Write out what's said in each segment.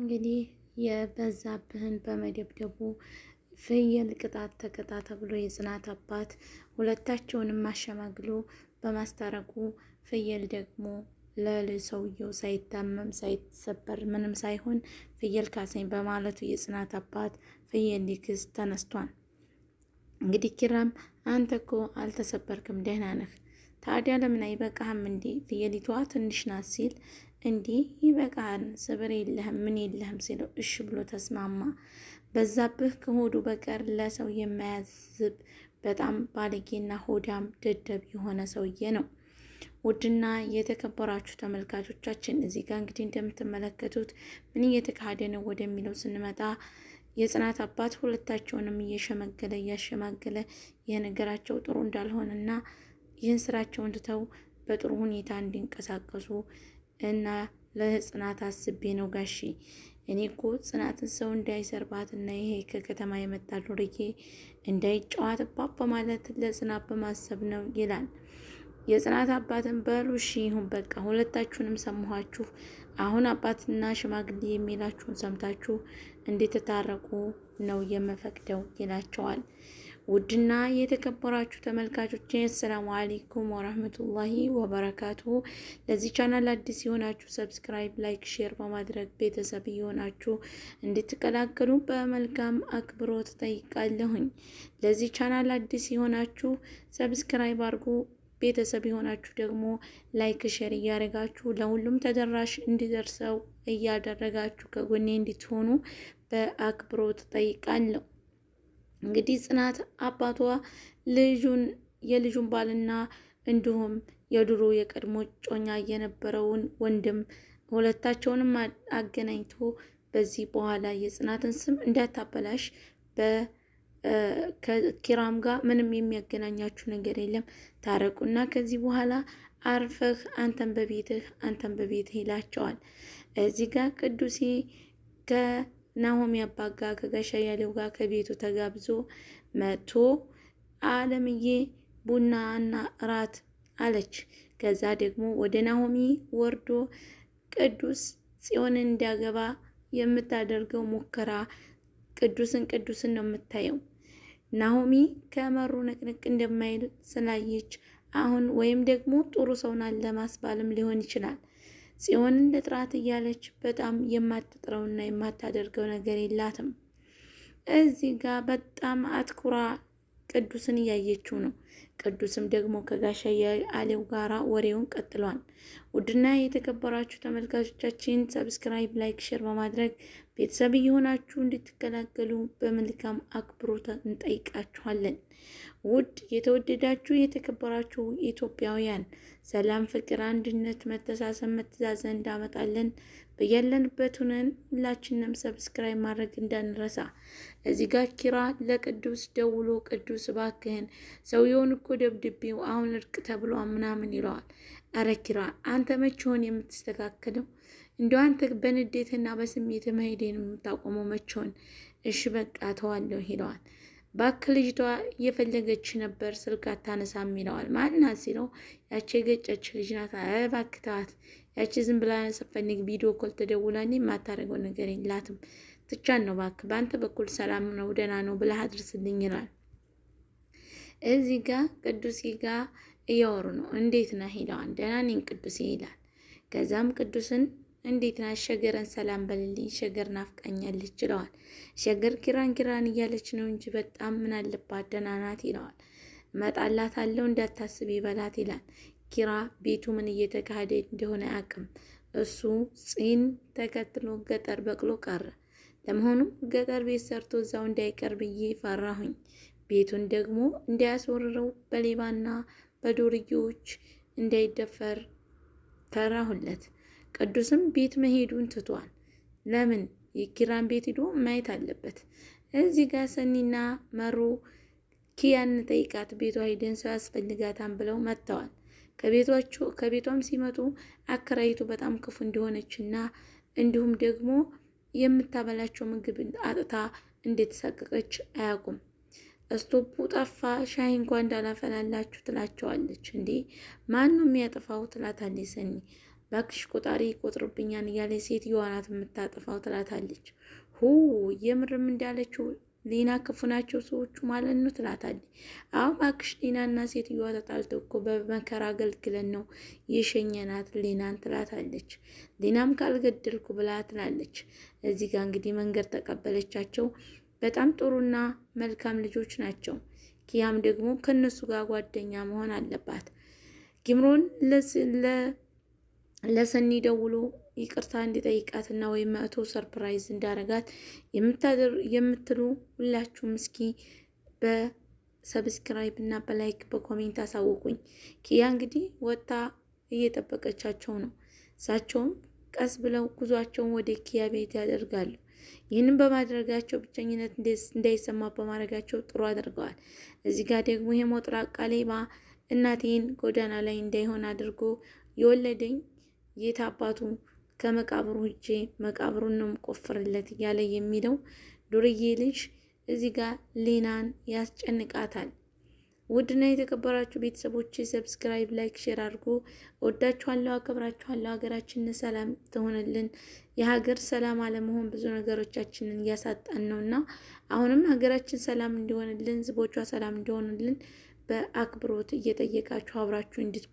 እንግዲህ የበዛብህን በመደብደቡ ፍየል ቅጣት ተቀጣ ተብሎ የጽናት አባት ሁለታቸውንም አሸማግሎ በማስታረቁ ፍየል ደግሞ ለሰውየው ሰውየው ሳይታመም ሳይሰበር ምንም ሳይሆን ፍየል ካሰኝ በማለቱ የጽናት አባት ፍየል ሊክስ ተነስቷል። እንግዲህ ኪራም አንተ እኮ አልተሰበርክም፣ ደህና ነህ። ታዲያ ለምን አይበቃህም እንዴ? ፍየሊቷ ትንሽ ናት ሲል እንዲህ ይበቃህን፣ ስብር የለህም ምን የለህም ሲለው እሺ ብሎ ተስማማ። በዛብህ ከሆዱ በቀር ለሰው የማያዝብ በጣም ባለጌና ሆዳም ደደብ የሆነ ሰውዬ ነው። ውድና የተከበራችሁ ተመልካቾቻችን እዚህ ጋር እንግዲህ እንደምትመለከቱት ምን እየተካሄደ ነው ወደሚለው ስንመጣ የጽናት አባት ሁለታቸውንም እየሸመገለ እያሸማገለ የነገራቸው ጥሩ እንዳልሆነና ይህን ስራቸውን ትተው በጥሩ ሁኔታ እንዲንቀሳቀሱ እና ለጽናት አስቤ ነው ጋሺ። እኔ እኮ ጽናትን ሰው እንዳይሰርባት እና ይሄ ከከተማ የመጣ ዱርዬ እንዳይጫወትባት በማለት ለጽናት በማሰብ ነው ይላል። የጽናት አባትን በሉ እሺ ይሁን በቃ ሁለታችሁንም ሰማኋችሁ። አሁን አባትና ሽማግሌ የሚላችሁን ሰምታችሁ ተታረቁ ነው የምፈቅደው ይላቸዋል። ውድና የተከበራችሁ ተመልካቾች አሰላሙ አለይኩም ወራህመቱላሂ ወበረካቱ። ለዚህ ቻናል አዲስ የሆናችሁ ሰብስክራይብ፣ ላይክ፣ ሼር በማድረግ ቤተሰብ የሆናችሁ እንድትቀላቀሉ በመልካም አክብሮት ጠይቃለሁኝ። ለዚህ ቻናል አዲስ የሆናችሁ ሰብስክራይብ አድርጉ። ቤተሰብ የሆናችሁ ደግሞ ላይክ ሼር እያደረጋችሁ ለሁሉም ተደራሽ እንዲደርሰው እያደረጋችሁ ከጎኔ እንድትሆኑ በአክብሮት ጠይቃለሁ። እንግዲህ ጽናት አባቷ ልጁን የልጁን ባልና እንዲሁም የድሮ የቀድሞ ጮኛ የነበረውን ወንድም ሁለታቸውንም አገናኝቶ በዚህ በኋላ የጽናትን ስም እንዳታበላሽ ከኪራም ጋር ምንም የሚያገናኛችሁ ነገር የለም፣ ታረቁና ከዚህ በኋላ አርፈህ አንተን በቤትህ አንተን በቤትህ ይላቸዋል። እዚህ ጋር ቅዱሴ ናሆሚ አባጋ ከጋሻ ያሌው ጋር ከቤቱ ተጋብዞ መቶ አለምዬ ቡናና እራት አለች። ከዛ ደግሞ ወደ ናሆሚ ወርዶ ቅዱስ ጽዮንን እንዲያገባ የምታደርገው ሙከራ ቅዱስን ቅዱስን ነው የምታየው። ናሆሚ ከመሩ ንቅንቅ እንደማይል ስላየች አሁን ወይም ደግሞ ጥሩ ሰውን ለማስባልም ሊሆን ይችላል ጽዮንን ልጥራት እያለች በጣም የማትጥረውና የማታደርገው ነገር የላትም። እዚህ ጋር በጣም አትኩራ ቅዱስን እያየችው ነው። ቅዱስም ደግሞ ከጋሻ አሌው ጋራ ወሬውን ቀጥሏል። ውድና የተከበራችሁ ተመልካቾቻችን ሰብስክራይብ፣ ላይክ፣ ሼር በማድረግ ቤተሰብ እየሆናችሁ እንድትገላገሉ በመልካም አክብሮት እንጠይቃችኋለን። ውድ የተወደዳችሁ የተከበራችሁ ኢትዮጵያውያን ሰላም፣ ፍቅር፣ አንድነት፣ መተሳሰብ፣ መተዛዘን እንዳመጣለን በያለንበት ሁነን ሁላችንም ሰብስክራይብ ማድረግ እንዳንረሳ። እዚህ ጋር ኪራ ለቅዱስ ደውሎ ቅዱስ እባክህን ሰውየውን እኮ ደብድቤው አሁን እርቅ ተብሎ ምናምን ይለዋል። አረ ኪራ አንተ መቼሆን የምትስተካከለው? እንደ አንተ በንዴትና በስሜት መሄዴን የምታቆመው መቼ እሽ እሺ በቃ ተዋለሁ ይለዋል። ባክ ልጅቷ እየፈለገች ነበር ስልክ አታነሳም ይለዋል። ማናት ሲለው ያቺ የገጨች ልጅ ናት። ባክታት ያቺ ዝም ብላ ስፈልግ ቪዲዮ ኮል ተደውላ የማታደርገው ነገር የላትም ትቻን ነው። ባክ በአንተ በኩል ሰላም ነው ደህና ነው ብለህ አድርስልኝ ይላል። እዚህ ጋ ቅዱሴ ጋ እያወሩ ነው። እንዴት ነህ ይለዋል። ደህና ነኝ ቅዱሴ ይላል። ከዛም ቅዱስን እንዴት ናት? ሸገረን ሰላም በልልኝ፣ ሸገር ናፍቃኛለች ይለዋል። ሸገር ኪራን ኪራን እያለች ነው እንጂ በጣም ምን አለባት ደህና ናት ይለዋል። መጣላት አለው እንዳታስብ ይበላት ይላል። ኪራ ቤቱ ምን እየተካሄደ እንደሆነ አቅም እሱ ፂን ተከትሎ ገጠር በቅሎ ቀረ። ለመሆኑ ገጠር ቤት ሰርቶ እዛው እንዳይቀር ብዬ ፈራሁኝ። ቤቱን ደግሞ እንዳያስወርረው በሌባና በዱርዬዎች እንዳይደፈር ፈራሁለት። ቅዱስም ቤት መሄዱን ትቷል። ለምን የኪራን ቤት ሂዶ ማየት አለበት። እዚህ ጋር ሰኒና መሩ ኪያን ጠይቃት ቤቷ ሂደን ሰው ያስፈልጋታን ብለው መጥተዋል። ከቤቷቸው ከቤቷም ሲመጡ አከራይቱ በጣም ክፉ እንደሆነችና እንዲሁም ደግሞ የምታበላቸው ምግብ አጥታ እንደተሳቀቀች አያውቁም። እስቶፑ ጠፋ፣ ሻይ እንኳ እንዳላፈላላችሁ ትላቸዋለች። እንዴ ማን ነው የሚያጠፋው? ትላታለች ሰኒ ባክሽ ቆጣሪ ይቆጥርብኛል እያለ ሴትዮዋ ናት የምታጠፋው ትላታለች። ሁ የምርም እንዳለችው ሊና ክፉ ናቸው ሰዎቹ ማለት ነው ትላታለች። አሁን ባክሽ ሌናና ሴትዮዋ ተጣልተው እኮ በመከራ አገልግለን ነው የሸኘናት ሊናን ትላታለች። ሊናም ካልገደልኩ ብላ ትላለች። እዚህ ጋር እንግዲህ መንገድ ተቀበለቻቸው። በጣም ጥሩና መልካም ልጆች ናቸው። ኪያም ደግሞ ከነሱ ጋር ጓደኛ መሆን አለባት። ጊምሮን ለሰኒ ደውሎ ይቅርታ እንዲጠይቃትና ወይም መቶ ሰርፕራይዝ እንዳረጋት የምትሉ ሁላችሁም እስኪ በሰብስክራይብ እና በላይክ በኮሜንት አሳውቁኝ። ኪያ እንግዲህ ወጥታ እየጠበቀቻቸው ነው። እሳቸውም ቀስ ብለው ጉዟቸውን ወደ ኪያ ቤት ያደርጋሉ። ይህንን በማድረጋቸው ብቸኝነት እንዳይሰማ በማድረጋቸው ጥሩ አድርገዋል። እዚህ ጋር ደግሞ የሞጥራቃሌባ ሌባ እናቴን ጎዳና ላይ እንዳይሆን አድርጎ የወለደኝ የት አባቱ ከመቃብሩ ሄጄ መቃብሩን ነው የምቆፍርለት እያለ የሚለው ዱርዬ ልጅ እዚህ ጋር ሊናን ያስጨንቃታል። ውድና የተከበራችሁ ቤተሰቦች ሰብስክራይብ፣ ላይክ፣ ሼር አድርጎ ወዳችኋለሁ፣ አከብራችኋለሁ። ሀገራችንን ሰላም ትሆንልን። የሀገር ሰላም አለመሆን ብዙ ነገሮቻችንን እያሳጣን ነው እና አሁንም ሀገራችን ሰላም እንዲሆንልን፣ ህዝቦቿ ሰላም እንዲሆንልን በአክብሮት እየጠየቃችሁ አብራችሁ እንድት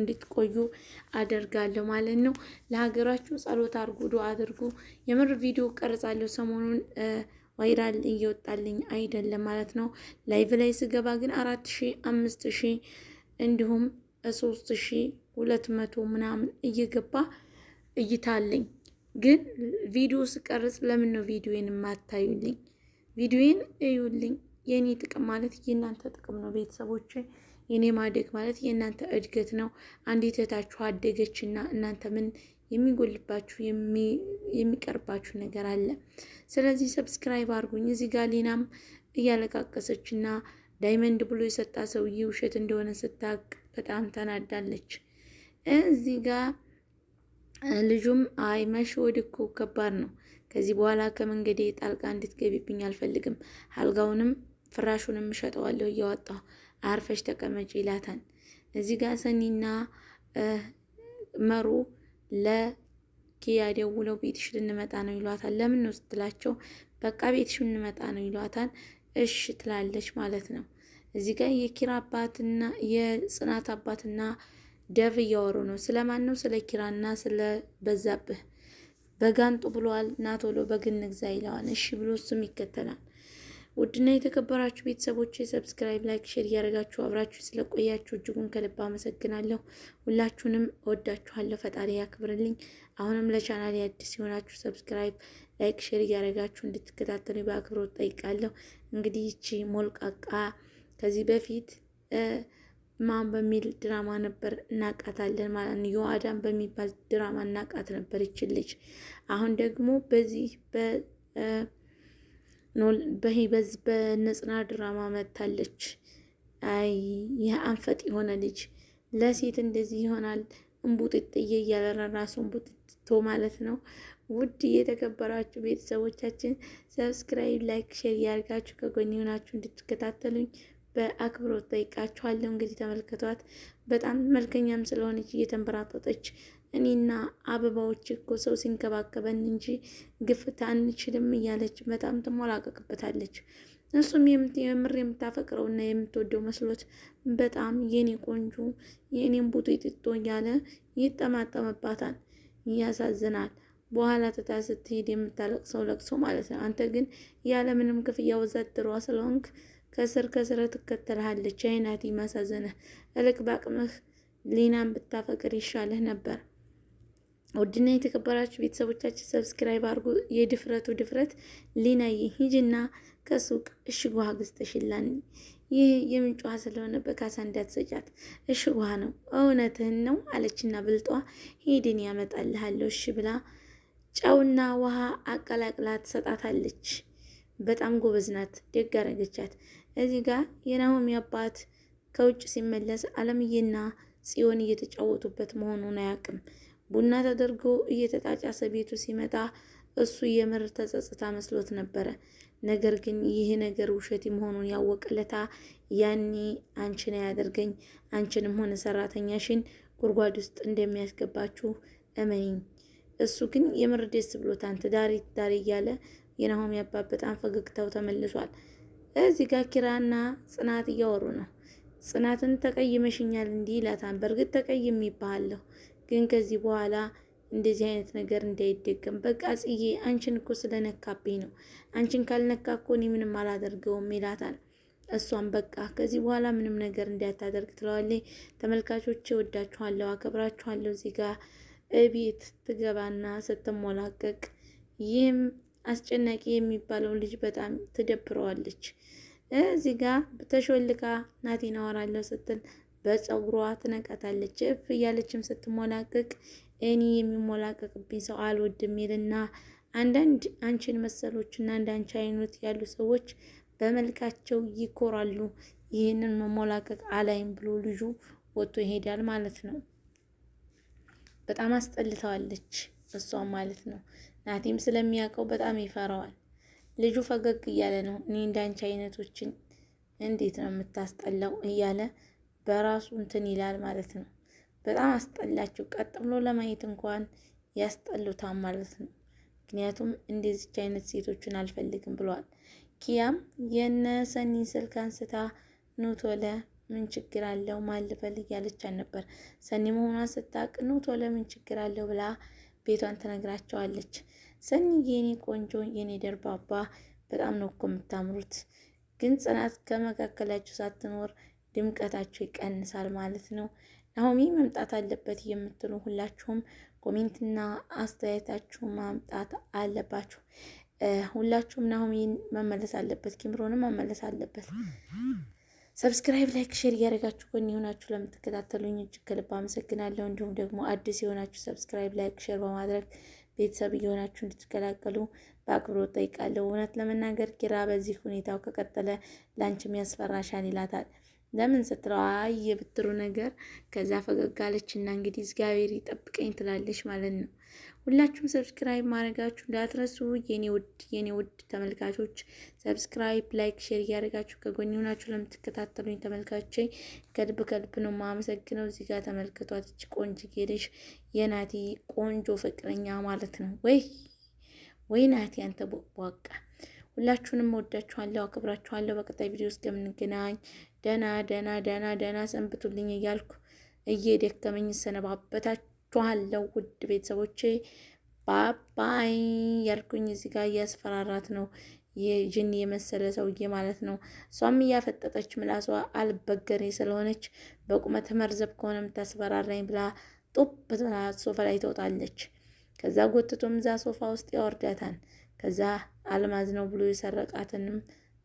እንድትቆዩ አደርጋለሁ ማለት ነው። ለሀገራችሁ ጸሎት አድርጉ፣ ዱአ አድርጉ። የምር ቪዲዮ ቀርጻለሁ ሰሞኑን ቫይራል እየወጣልኝ አይደለም ማለት ነው። ላይቭ ላይ ስገባ ግን አራት ሺ አምስት ሺ እንዲሁም ሶስት ሺ ሁለት መቶ ምናምን እየገባ እይታለኝ። ግን ቪዲዮ ስቀርጽ ለምን ነው ቪዲዮን የማታዩልኝ? ቪዲዮን እዩልኝ። የእኔ ጥቅም ማለት የእናንተ ጥቅም ነው ቤተሰቦቼ። የኔ ማደግ ማለት የእናንተ እድገት ነው። አንድ እህታችሁ አደገች እና እናንተ ምን የሚጎልባችሁ የሚቀርባችሁ ነገር አለ? ስለዚህ ሰብስክራይብ አድርጉኝ። እዚህ ጋር ሊናም እያለቃቀሰች እና ዳይመንድ ብሎ የሰጣ ሰውዬ ውሸት እንደሆነ ስታቅ በጣም ተናዳለች። እዚህ ጋር ልጁም አይ መሽ ወድ ከባድ ነው። ከዚህ በኋላ ከመንገዴ ጣልቃ እንድትገቢብኝ አልፈልግም። አልጋውንም ፍራሹንም እሸጠዋለሁ እያወጣሁ አርፈሽ ተቀመጭ ይላታል። እዚህ ጋር ሰኒና መሩ ለኪያ ደውለው ቤትሽ ልንመጣ ነው ይሏታል። ለምን ነው ስትላቸው በቃ ቤትሽ ልንመጣ ነው ይሏታል። እሽ ትላለች ማለት ነው። እዚህ ጋር የኪራ አባትና የጽናት አባትና ደብ እያወሩ ነው። ስለማን ነው? ስለ ኪራና ስለ በዛብህ በጋንጡ ብለዋል። ናቶሎ በግንግዛ ይለዋል። እሺ ብሎ እሱም ይከተላል። ውድና የተከበራችሁ ቤተሰቦች ሰብስክራይብ፣ ላይክ፣ ሼር እያደረጋችሁ አብራችሁ ስለቆያችሁ እጅጉን ከልብ አመሰግናለሁ። ሁላችሁንም እወዳችኋለሁ። ፈጣሪ ያክብርልኝ። አሁንም ለቻናል አዲስ ሲሆናችሁ ሰብስክራይብ፣ ላይክ፣ ሼር እያደረጋችሁ እንድትከታተሉ በአክብሮት ጠይቃለሁ። እንግዲህ ይቺ ሞልቃቃ ከዚህ በፊት ማን በሚል ድራማ ነበር እናቃታለን ማለት ነው። ዮአዳን በሚባል ድራማ እናቃት ነበር ይች ልጅ። አሁን ደግሞ በዚህ በሂበዝ በነጽና ድራማ መታለች። አይ ይህ አንፈጥ የሆነ ልጅ ለሴት እንደዚህ ይሆናል። እምቡጥጥዬ እያለ ራሱ እምቡጥጥቶ ማለት ነው። ውድ የተከበራችሁ ቤተሰቦቻችን ሰብስክራይብ፣ ላይክ፣ ሼር እያደርጋችሁ ከጎን ሆናችሁ እንድትከታተሉኝ በአክብሮት ጠይቃችኋለሁ። እንግዲህ ተመልከቷት። በጣም መልከኛም ስለሆነች እየተንበራጠጠች እኔና አበባዎች እኮ ሰው ሲንከባከበን እንጂ ግፍት አንችልም እያለች በጣም ትሞላቀቅበታለች። እሱም የምር የምታፈቅረው እና የምትወደው መስሎት በጣም የኔ ቆንጆ የእኔም ቡጡ ይጥጦ እያለ ይጠማጠምባታል። ያሳዝናል። በኋላ ትታ ስትሄድ የምታለቅሰው ለቅሶ ማለት ነው። አንተ ግን ያለምንም ክፍያ ወዛደሯ ስለሆንክ ከስር ከስር ትከተልሃለች። አይናት ማሳዘንህ እልቅ በአቅምህ ሊናን ብታፈቅር ይሻልህ ነበር። ውድና የተከበራችሁ ቤተሰቦቻችን ሰብስክራይብ አድርጉ። የድፍረቱ ድፍረት ሊናዬ ሂጅና ከሱቅ እሽግ ውሃ ገዝተሽላን ይህ የምንጭ ውሃ ስለሆነ በካሳ እንዳትሰጫት እሽግ ውሃ ነው እውነትህን ነው አለችና ብልጧ ሂድን ያመጣልሃለሁ እሽ ብላ ጨውና ውሃ አቀላቅላ ትሰጣታለች። በጣም ጎበዝ ናት። ደግ አረገቻት። እዚህ ጋር የናሆሚ አባት ከውጭ ሲመለስ አለምዬና ጽዮን እየተጫወቱበት መሆኑን አያውቅም። ቡና ተደርጎ እየተጣጫሰ ቤቱ ሲመጣ እሱ የምር ተጸጽታ መስሎት ነበረ። ነገር ግን ይህ ነገር ውሸት መሆኑን ያወቀለታ ያኔ አንቺን ያደርገኝ አንቺንም ሆነ ሰራተኛሽን ጉድጓድ ውስጥ እንደሚያስገባችሁ እመኝ። እሱ ግን የምር ደስ ብሎታን ትዳሪ ትዳሪ እያለ የናሆም ያባት በጣም ፈገግታው ተመልሷል። እዚህ ጋር ኪራና ጽናት እያወሩ ነው። ጽናትን ተቀይመሽኛል እንዲህ ይላታን። በእርግጥ ይባሃለሁ ግን ከዚህ በኋላ እንደዚህ አይነት ነገር እንዳይደገም። በቃ ጽዬ አንቺን እኮ ስለነካብኝ ነው። አንቺን ካልነካ እኮ እኔ ምንም አላደርገውም ይላታል። እሷም በቃ ከዚህ በኋላ ምንም ነገር እንዳታደርግ ትለዋለች። ተመልካቾች ወዳችኋለሁ፣ አከብራችኋለሁ። እዚህ ጋር እቤት ትገባና ስትሞላቀቅ ይህም አስጨናቂ የሚባለው ልጅ በጣም ትደብረዋለች። እዚህ ጋር ተሾልካ ናቴን አወራለሁ ስትል በፀጉሯ ትነቀታለች። እፍ እያለችም ስትሞላቅቅ እኔ የሚሞላቀቅብኝ ሰው አልወድም ይልና አንዳንድ አንቺን መሰሎች እና እንደ አንቺ አይነት ያሉ ሰዎች በመልካቸው ይኮራሉ። ይህንን መሞላቀቅ አላይም ብሎ ልጁ ወጥቶ ይሄዳል ማለት ነው። በጣም አስጠልተዋለች እሷም ማለት ነው። ናቲም ስለሚያውቀው በጣም ይፈራዋል። ልጁ ፈገግ እያለ ነው እኔ እንዳንቺ አይነቶችን እንዴት ነው የምታስጠላው እያለ በራሱ እንትን ይላል ማለት ነው። በጣም አስጠላችሁ። ቀጥ ብሎ ለማየት እንኳን ያስጠሉታል ማለት ነው። ምክንያቱም እንደዚች አይነት ሴቶችን አልፈልግም ብለዋል። ኪያም የነ ሰኒን ስልክ አንስታ ኑቶለ ምን ችግር አለው ማልበል እያለቻት ነበር። ሰኒ መሆኗን ስታቅ ኑቶለ ምን ችግር አለው ብላ ቤቷን ትነግራቸዋለች። ሰኒ የኔ ቆንጆ የኔ ደርባባ በጣም ነው እኮ የምታምሩት፣ ግን ጽናት ከመካከላችሁ ሳትኖር ድምቀታቸው ይቀንሳል ማለት ነው። ናሆሚ መምጣት አለበት የምትሉ ሁላችሁም ኮሜንትና አስተያየታችሁ ማምጣት አለባችሁ። ሁላችሁም ናሆሚን መመለስ አለበት፣ ኪምሮንም መመለስ አለበት። ሰብስክራይብ፣ ላይክ፣ ሼር እያደረጋችሁ ጎን የሆናችሁ ለምትከታተሉኝ እጅግ ከልብ አመሰግናለሁ። እንዲሁም ደግሞ አዲስ የሆናችሁ ሰብስክራይብ፣ ላይክ፣ ሼር በማድረግ ቤተሰብ እየሆናችሁ እንድትቀላቀሉ በአክብሮት ጠይቃለሁ። እውነት ለመናገር ኪራ በዚህ ሁኔታው ከቀጠለ ለአንቺም ያስፈራሻል ይላታል። ለምን ስትለው አይ የብትሩ ነገር ከዛ ፈገግ አለችና እንግዲህ እግዚአብሔር ይጠብቀኝ ትላለች ማለት ነው። ሁላችሁም ሰብስክራይብ ማድረጋችሁ እንዳትረሱ የኔ ውድ የኔ ውድ ተመልካቾች፣ ሰብስክራይብ፣ ላይክ፣ ሼር እያደረጋችሁ ከጎን ሆናችሁ ለምትከታተሉኝ ተመልካቾች ከልብ ከልብ ነው ማመሰግነው። እዚህ ጋር ተመልክቷት እች ቆንጅዬ ልጅ የናቲ ቆንጆ ፍቅረኛ ማለት ነው። ወይ ወይ ናቲ አንተ ቦቋ ሁላችሁንም ወዳችኋለሁ፣ አክብራችኋለሁ። በቀጣይ ቪዲዮ እስከምንገናኝ ደና ደና ደና ደና ሰንብቱልኝ እያልኩ እየደከመኝ ሰነባበታችኋለሁ ውድ ቤተሰቦቼ ባባይ ያልኩኝ እዚህ ጋር እያስፈራራት ነው የጅኒ የመሰለ ሰውዬ ማለት ነው። እሷም እያፈጠጠች ምላሷ አልበገሬ ስለሆነች በቁመት መርዘብ ከሆነ የምታስፈራራኝ ብላ ጡብ ብላ ሶፋ ላይ ትወጣለች። ከዛ ጎትቶም እዛ ሶፋ ውስጥ ያወርዳታል። ከዛ አልማዝ ነው ብሎ የሰረቃትንም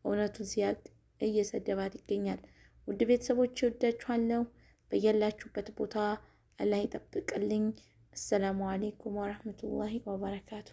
እውነቱን ሲያቅ እየሰደባት ይገኛል። ውድ ቤተሰቦች እወዳችኋለሁ። በያላችሁበት ቦታ አላህ ይጠብቅልኝ። አሰላሙ አሌይኩም ወረህመቱላሂ ወበረካቱ።